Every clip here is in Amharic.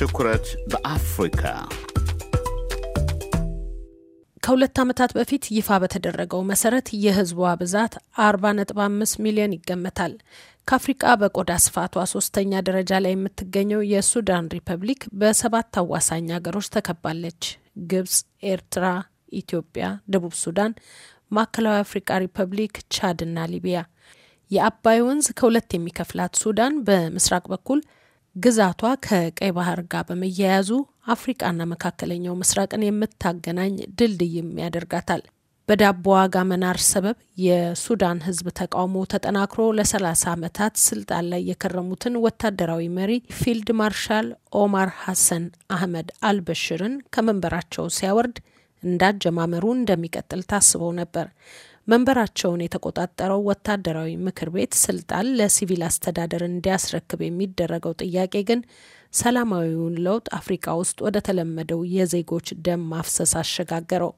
ትኩረት በአፍሪካ ከሁለት ዓመታት በፊት ይፋ በተደረገው መሰረት የህዝቧ ብዛት 40.5 ሚሊዮን ይገመታል። ከአፍሪቃ በቆዳ ስፋቷ ሶስተኛ ደረጃ ላይ የምትገኘው የሱዳን ሪፐብሊክ በሰባት አዋሳኝ ሀገሮች ተከባለች። ግብጽ፣ ኤርትራ፣ ኢትዮጵያ፣ ደቡብ ሱዳን፣ ማዕከላዊ አፍሪቃ ሪፐብሊክ፣ ቻድ እና ሊቢያ። የአባይ ወንዝ ከሁለት የሚከፍላት ሱዳን በምስራቅ በኩል ግዛቷ ከቀይ ባህር ጋር በመያያዙ አፍሪቃና መካከለኛው ምስራቅን የምታገናኝ ድልድይም ያደርጋታል። በዳቦ ዋጋ መናር ሰበብ የሱዳን ህዝብ ተቃውሞ ተጠናክሮ ለ30 ዓመታት ስልጣን ላይ የከረሙትን ወታደራዊ መሪ ፊልድ ማርሻል ኦማር ሐሰን አህመድ አልበሽርን ከመንበራቸው ሲያወርድ እንዳጀማመሩ እንደሚቀጥል ታስበው ነበር። መንበራቸውን የተቆጣጠረው ወታደራዊ ምክር ቤት ስልጣን ለሲቪል አስተዳደር እንዲያስረክብ የሚደረገው ጥያቄ ግን ሰላማዊውን ለውጥ አፍሪካ ውስጥ ወደ ተለመደው የዜጎች ደም ማፍሰስ አሸጋገረው።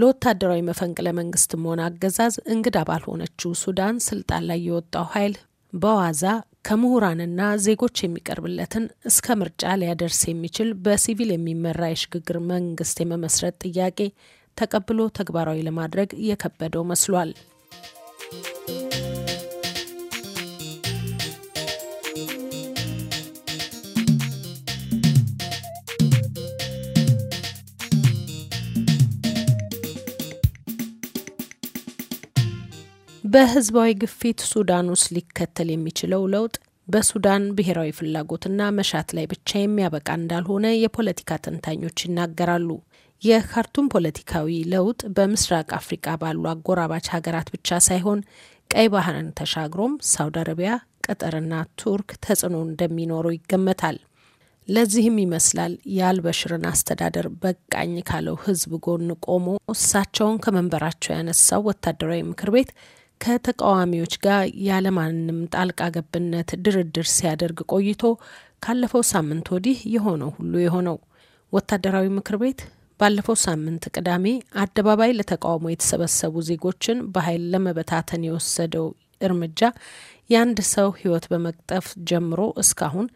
ለወታደራዊ መፈንቅለ መንግስት መሆን አገዛዝ እንግዳ ባልሆነችው ሱዳን ስልጣን ላይ የወጣው ኃይል በዋዛ ከምሁራንና ዜጎች የሚቀርብለትን እስከ ምርጫ ሊያደርስ የሚችል በሲቪል የሚመራ የሽግግር መንግስት የመመስረት ጥያቄ ተቀብሎ ተግባራዊ ለማድረግ የከበደው መስሏል። በህዝባዊ ግፊት ሱዳን ውስጥ ሊከተል የሚችለው ለውጥ በሱዳን ብሔራዊ ፍላጎትና መሻት ላይ ብቻ የሚያበቃ እንዳልሆነ የፖለቲካ ተንታኞች ይናገራሉ። የካርቱም ፖለቲካዊ ለውጥ በምስራቅ አፍሪቃ ባሉ አጎራባች ሀገራት ብቻ ሳይሆን ቀይ ባህርን ተሻግሮም ሳውዲ አረቢያ፣ ቀጠርና ቱርክ ተጽዕኖ እንደሚኖረው ይገመታል። ለዚህም ይመስላል የአልበሽርን አስተዳደር በቃኝ ካለው ህዝብ ጎን ቆሞ እሳቸውን ከመንበራቸው ያነሳው ወታደራዊ ምክር ቤት ከተቃዋሚዎች ጋር ያለማንም ጣልቃ ገብነት ድርድር ሲያደርግ ቆይቶ ካለፈው ሳምንት ወዲህ የሆነው ሁሉ የሆነው ወታደራዊ ምክር ቤት ባለፈው ሳምንት ቅዳሜ አደባባይ ለተቃውሞ የተሰበሰቡ ዜጎችን በኃይል ለመበታተን የወሰደው እርምጃ የአንድ ሰው ሕይወት በመቅጠፍ ጀምሮ እስካሁን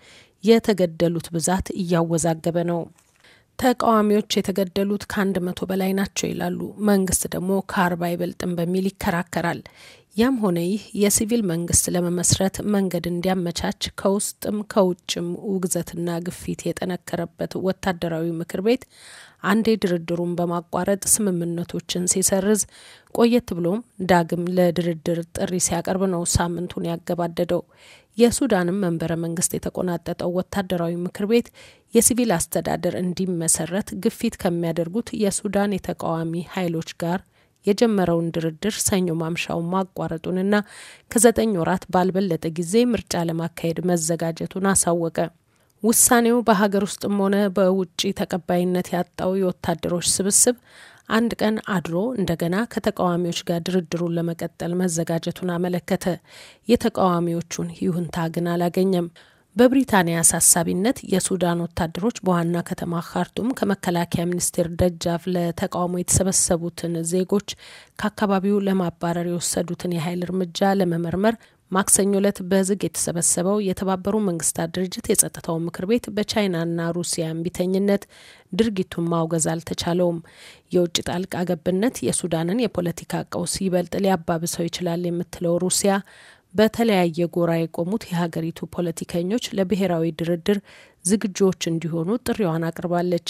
የተገደሉት ብዛት እያወዛገበ ነው። ተቃዋሚዎች የተገደሉት ከአንድ መቶ በላይ ናቸው ይላሉ። መንግስት ደግሞ ከአርባ አይበልጥም በሚል ይከራከራል። ያም ሆነ ይህ የሲቪል መንግስት ለመመስረት መንገድ እንዲያመቻች ከውስጥም ከውጭም ውግዘትና ግፊት የጠነከረበት ወታደራዊ ምክር ቤት አንዴ ድርድሩን በማቋረጥ ስምምነቶችን ሲሰርዝ ቆየት ብሎም ዳግም ለድርድር ጥሪ ሲያቀርብ ነው ሳምንቱን ያገባደደው። የሱዳንም መንበረ መንግስት የተቆናጠጠው ወታደራዊ ምክር ቤት የሲቪል አስተዳደር እንዲመሰረት ግፊት ከሚያደርጉት የሱዳን የተቃዋሚ ኃይሎች ጋር የጀመረውን ድርድር ሰኞ ማምሻውን ማቋረጡንና ከዘጠኝ ወራት ባልበለጠ ጊዜ ምርጫ ለማካሄድ መዘጋጀቱን አሳወቀ። ውሳኔው በሀገር ውስጥም ሆነ በውጭ ተቀባይነት ያጣው የወታደሮች ስብስብ አንድ ቀን አድሮ እንደገና ከተቃዋሚዎች ጋር ድርድሩን ለመቀጠል መዘጋጀቱን አመለከተ። የተቃዋሚዎቹን ይሁንታ ግን አላገኘም። በብሪታንያ አሳሳቢነት የሱዳን ወታደሮች በዋና ከተማ ካርቱም ከመከላከያ ሚኒስቴር ደጃፍ ለተቃውሞ የተሰበሰቡትን ዜጎች ከአካባቢው ለማባረር የወሰዱትን የኃይል እርምጃ ለመመርመር ማክሰኞ ዕለት በዝግ የተሰበሰበው የተባበሩ መንግስታት ድርጅት የጸጥታው ምክር ቤት በቻይናና ሩሲያ እምቢተኝነት ድርጊቱን ማውገዝ አልተቻለውም። የውጭ ጣልቃ ገብነት የሱዳንን የፖለቲካ ቀውስ ይበልጥ ሊያባብሰው ይችላል የምትለው ሩሲያ በተለያየ ጎራ የቆሙት የሀገሪቱ ፖለቲከኞች ለብሔራዊ ድርድር ዝግጁዎች እንዲሆኑ ጥሪዋን አቅርባለች።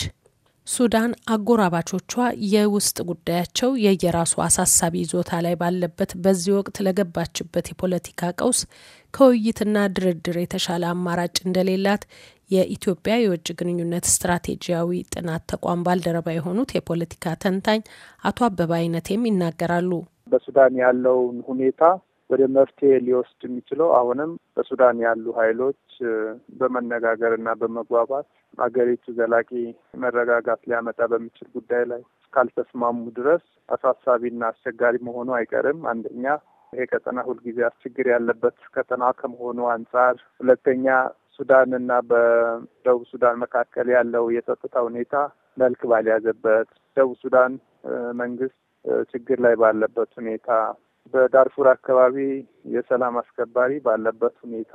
ሱዳን አጎራባቾቿ የውስጥ ጉዳያቸው የየራሱ አሳሳቢ ይዞታ ላይ ባለበት በዚህ ወቅት ለገባችበት የፖለቲካ ቀውስ ከውይይትና ድርድር የተሻለ አማራጭ እንደሌላት የኢትዮጵያ የውጭ ግንኙነት ስትራቴጂያዊ ጥናት ተቋም ባልደረባ የሆኑት የፖለቲካ ተንታኝ አቶ አበባ አይነቴም ይናገራሉ። በሱዳን ያለውን ሁኔታ ወደ መፍትሄ ሊወስድ የሚችለው አሁንም በሱዳን ያሉ ኃይሎች በመነጋገር እና በመግባባት አገሪቱ ዘላቂ መረጋጋት ሊያመጣ በሚችል ጉዳይ ላይ እስካልተስማሙ ድረስ አሳሳቢና አስቸጋሪ መሆኑ አይቀርም። አንደኛ ይሄ ቀጠና ሁልጊዜ ችግር ያለበት ቀጠና ከመሆኑ አንጻር፣ ሁለተኛ ሱዳን እና በደቡብ ሱዳን መካከል ያለው የጸጥታ ሁኔታ መልክ ባልያዘበት፣ ደቡብ ሱዳን መንግስት ችግር ላይ ባለበት ሁኔታ በዳርፉር አካባቢ የሰላም አስከባሪ ባለበት ሁኔታ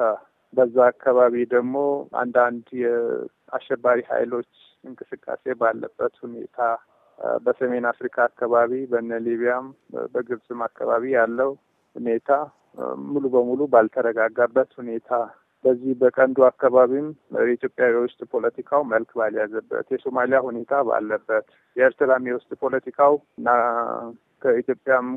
በዛ አካባቢ ደግሞ አንዳንድ የአሸባሪ ኃይሎች እንቅስቃሴ ባለበት ሁኔታ በሰሜን አፍሪካ አካባቢ በነ ሊቢያም በግብፅም አካባቢ ያለው ሁኔታ ሙሉ በሙሉ ባልተረጋጋበት ሁኔታ በዚህ በቀንዱ አካባቢም የኢትዮጵያ የውስጥ ፖለቲካው መልክ ባልያዘበት የሶማሊያ ሁኔታ ባለበት የኤርትራም የውስጥ ፖለቲካው እና ከኢትዮጵያም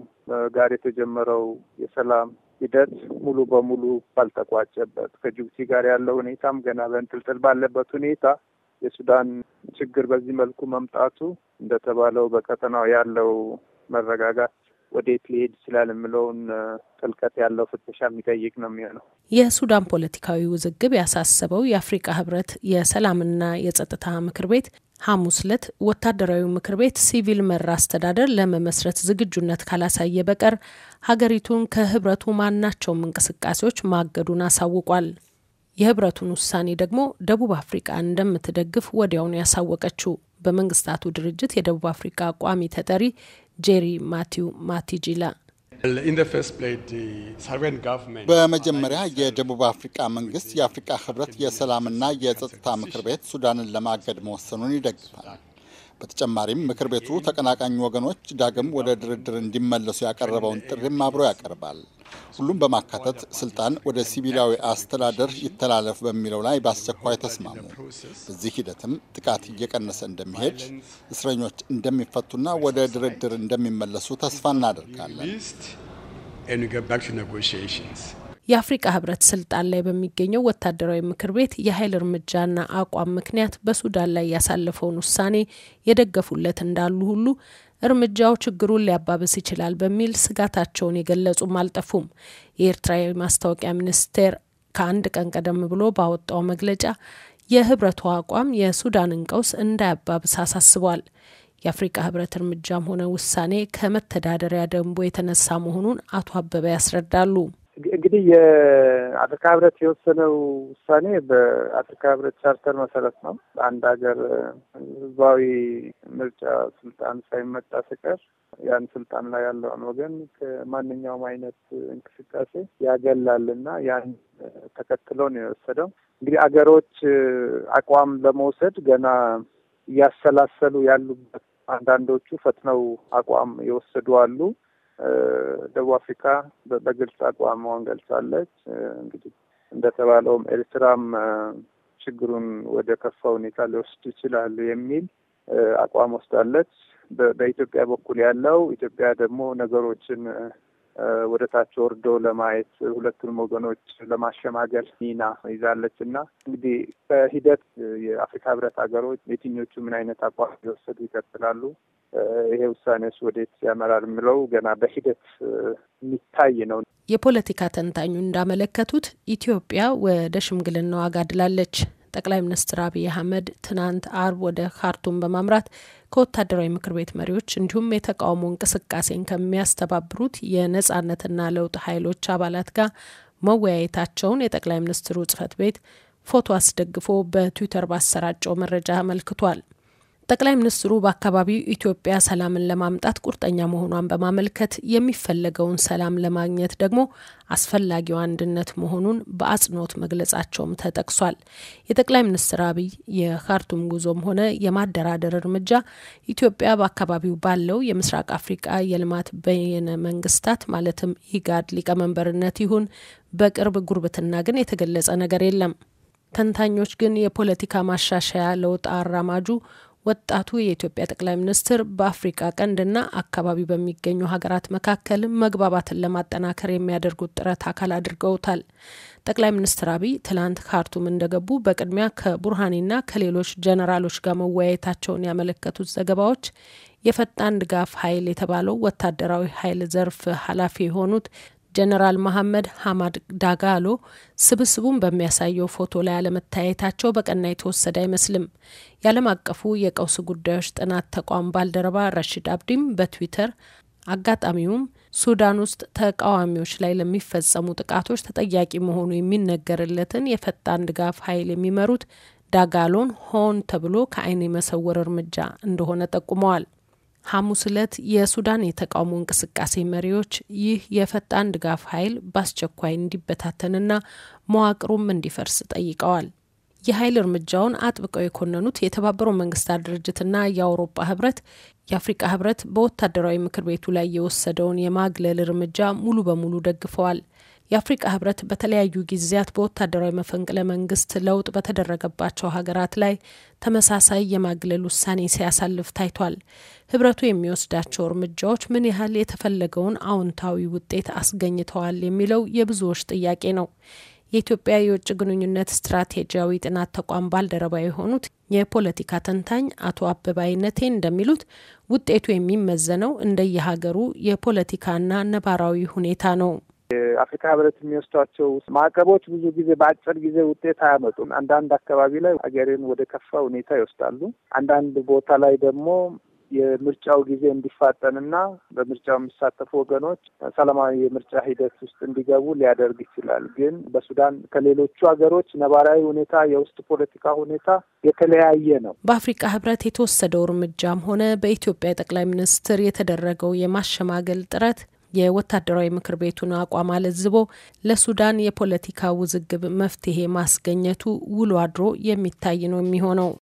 ጋር የተጀመረው የሰላም ሂደት ሙሉ በሙሉ ባልተቋጨበት ከጅቡቲ ጋር ያለው ሁኔታም ገና በእንጥልጥል ባለበት ሁኔታ የሱዳን ችግር በዚህ መልኩ መምጣቱ እንደተባለው በቀጠናው ያለው መረጋጋት ወዴት ሊሄድ ይችላል የምለውን ጥልቀት ያለው ፍተሻ የሚጠይቅ ነው የሚሆነው። የሱዳን ፖለቲካዊ ውዝግብ ያሳሰበው የአፍሪቃ ህብረት የሰላምና የጸጥታ ምክር ቤት ሐሙስ ዕለት ወታደራዊ ምክር ቤት ሲቪል መራ አስተዳደር ለመመስረት ዝግጁነት ካላሳየ በቀር ሀገሪቱን ከህብረቱ ማናቸውም እንቅስቃሴዎች ማገዱን አሳውቋል። የህብረቱን ውሳኔ ደግሞ ደቡብ አፍሪቃ እንደምትደግፍ ወዲያውኑ ያሳወቀችው በመንግስታቱ ድርጅት የደቡብ አፍሪካ ቋሚ ተጠሪ ጄሪ ማቲው ማቲጂላ በመጀመሪያ የደቡብ አፍሪካ መንግስት የአፍሪካ ህብረት የሰላምና የጸጥታ ምክር ቤት ሱዳንን ለማገድ መወሰኑን ይደግፋል። በተጨማሪም ምክር ቤቱ ተቀናቃኝ ወገኖች ዳግም ወደ ድርድር እንዲመለሱ ያቀረበውን ጥሪም አብሮ ያቀርባል። ሁሉም በማካተት ስልጣን ወደ ሲቪላዊ አስተዳደር ይተላለፍ በሚለው ላይ በአስቸኳይ ተስማሙ። በዚህ ሂደትም ጥቃት እየቀነሰ እንደሚሄድ፣ እስረኞች እንደሚፈቱና ወደ ድርድር እንደሚመለሱ ተስፋ እናደርጋለን። የአፍሪቃ ህብረት ስልጣን ላይ በሚገኘው ወታደራዊ ምክር ቤት የኃይል እርምጃና አቋም ምክንያት በሱዳን ላይ ያሳለፈውን ውሳኔ የደገፉለት እንዳሉ ሁሉ እርምጃው ችግሩን ሊያባብስ ይችላል በሚል ስጋታቸውን የገለጹም አልጠፉም። የኤርትራ የማስታወቂያ ሚኒስቴር ከአንድ ቀን ቀደም ብሎ ባወጣው መግለጫ የህብረቱ አቋም የሱዳንን ቀውስ እንዳያባብስ አሳስቧል። የአፍሪቃ ህብረት እርምጃም ሆነ ውሳኔ ከመተዳደሪያ ደንቡ የተነሳ መሆኑን አቶ አበበ ያስረዳሉ። እንግዲህ የአፍሪካ ህብረት የወሰነው ውሳኔ በአፍሪካ ህብረት ቻርተር መሰረት ነው። አንድ ሀገር ህዝባዊ ምርጫ ስልጣን ሳይመጣ ስቀር ያን ስልጣን ላይ ያለውን ወገን ከማንኛውም አይነት እንቅስቃሴ ያገላል እና ያን ተከትሎ ነው የወሰደው። እንግዲህ አገሮች አቋም ለመውሰድ ገና እያሰላሰሉ ያሉበት፣ አንዳንዶቹ ፈጥነው አቋም የወሰዱ አሉ። ደቡብ አፍሪካ በግልጽ አቋሟን ገልጻለች። እንግዲህ እንደተባለውም ኤርትራም ችግሩን ወደ ከፋ ሁኔታ ሊወስድ ይችላል የሚል አቋም ወስዳለች። በኢትዮጵያ በኩል ያለው ኢትዮጵያ ደግሞ ነገሮችን ወደ ታች ወርዶ ለማየት ሁለቱንም ወገኖች ለማሸማገል ሚና ይዛለች እና እንግዲህ በሂደት የአፍሪካ ሕብረት ሀገሮች የትኞቹ ምን አይነት አቋም ሊወሰዱ ይቀጥላሉ ይሄ ውሳኔስ ወዴት ያመራል የሚለው ገና በሂደት የሚታይ ነው። የፖለቲካ ተንታኙ እንዳመለከቱት ኢትዮጵያ ወደ ሽምግልናው አጋድላለች። ጠቅላይ ሚኒስትር አብይ አህመድ ትናንት አርብ ወደ ካርቱም በማምራት ከወታደራዊ ምክር ቤት መሪዎች እንዲሁም የተቃውሞ እንቅስቃሴን ከሚያስተባብሩት የነጻነትና ለውጥ ኃይሎች አባላት ጋር መወያየታቸውን የጠቅላይ ሚኒስትሩ ጽህፈት ቤት ፎቶ አስደግፎ በትዊተር ባሰራጨው መረጃ አመልክቷል። ጠቅላይ ሚኒስትሩ በአካባቢው ኢትዮጵያ ሰላምን ለማምጣት ቁርጠኛ መሆኗን በማመልከት የሚፈለገውን ሰላም ለማግኘት ደግሞ አስፈላጊው አንድነት መሆኑን በአጽንኦት መግለጻቸውም ተጠቅሷል። የጠቅላይ ሚኒስትር አብይ የካርቱም ጉዞም ሆነ የማደራደር እርምጃ ኢትዮጵያ በአካባቢው ባለው የምስራቅ አፍሪቃ የልማት በየነ መንግስታት ማለትም ኢጋድ ሊቀመንበርነት ይሁን በቅርብ ጉርብትና ግን የተገለጸ ነገር የለም። ተንታኞች ግን የፖለቲካ ማሻሻያ ለውጥ አራማጁ ወጣቱ የኢትዮጵያ ጠቅላይ ሚኒስትር በአፍሪካ ቀንድና አካባቢ በሚገኙ ሀገራት መካከል መግባባትን ለማጠናከር የሚያደርጉት ጥረት አካል አድርገውታል። ጠቅላይ ሚኒስትር አብይ ትላንት ካርቱም እንደገቡ በቅድሚያ ከቡርሃኒና ከሌሎች ጀነራሎች ጋር መወያየታቸውን ያመለከቱት ዘገባዎች የፈጣን ድጋፍ ኃይል የተባለው ወታደራዊ ኃይል ዘርፍ ኃላፊ የሆኑት ጀነራል መሐመድ ሀማድ ዳጋሎ ስብስቡን በሚያሳየው ፎቶ ላይ አለመታየታቸው በቀና የተወሰደ አይመስልም። የዓለም አቀፉ የቀውስ ጉዳዮች ጥናት ተቋም ባልደረባ ረሽድ አብዲም በትዊተር አጋጣሚውም ሱዳን ውስጥ ተቃዋሚዎች ላይ ለሚፈጸሙ ጥቃቶች ተጠያቂ መሆኑ የሚነገርለትን የፈጣን ድጋፍ ኃይል የሚመሩት ዳጋሎን ሆን ተብሎ ከአይን የመሰወር እርምጃ እንደሆነ ጠቁመዋል። ሐሙስ ዕለት የሱዳን የተቃውሞ እንቅስቃሴ መሪዎች ይህ የፈጣን ድጋፍ ኃይል በአስቸኳይ እንዲበታተንና መዋቅሩም እንዲፈርስ ጠይቀዋል። የኃይል እርምጃውን አጥብቀው የኮነኑት የተባበሩት መንግስታት ድርጅትና የአውሮፓ ህብረት የአፍሪቃ ህብረት በወታደራዊ ምክር ቤቱ ላይ የወሰደውን የማግለል እርምጃ ሙሉ በሙሉ ደግፈዋል። የአፍሪቃ ህብረት በተለያዩ ጊዜያት በወታደራዊ መፈንቅለ መንግስት ለውጥ በተደረገባቸው ሀገራት ላይ ተመሳሳይ የማግለል ውሳኔ ሲያሳልፍ ታይቷል። ህብረቱ የሚወስዳቸው እርምጃዎች ምን ያህል የተፈለገውን አዎንታዊ ውጤት አስገኝተዋል የሚለው የብዙዎች ጥያቄ ነው። የኢትዮጵያ የውጭ ግንኙነት ስትራቴጂያዊ ጥናት ተቋም ባልደረባ የሆኑት የፖለቲካ ተንታኝ አቶ አበባይነቴ እንደሚሉት ውጤቱ የሚመዘነው እንደየሀገሩ የፖለቲካና ነባራዊ ሁኔታ ነው። አፍሪካ ህብረት የሚወስዷቸው ማዕቀቦች ብዙ ጊዜ በአጭር ጊዜ ውጤት አያመጡም። አንዳንድ አካባቢ ላይ ሀገርን ወደ ከፋ ሁኔታ ይወስዳሉ። አንዳንድ ቦታ ላይ ደግሞ የምርጫው ጊዜ እንዲፋጠንና በምርጫው የሚሳተፉ ወገኖች ሰላማዊ የምርጫ ሂደት ውስጥ እንዲገቡ ሊያደርግ ይችላል። ግን በሱዳን ከሌሎቹ ሀገሮች ነባራዊ ሁኔታ፣ የውስጥ ፖለቲካ ሁኔታ የተለያየ ነው። በአፍሪቃ ህብረት የተወሰደው እርምጃም ሆነ በኢትዮጵያ ጠቅላይ ሚኒስትር የተደረገው የማሸማገል ጥረት የወታደራዊ ምክር ቤቱን አቋም አለዝቦ ለሱዳን የፖለቲካ ውዝግብ መፍትሄ ማስገኘቱ ውሎ አድሮ የሚታይ ነው የሚሆነው።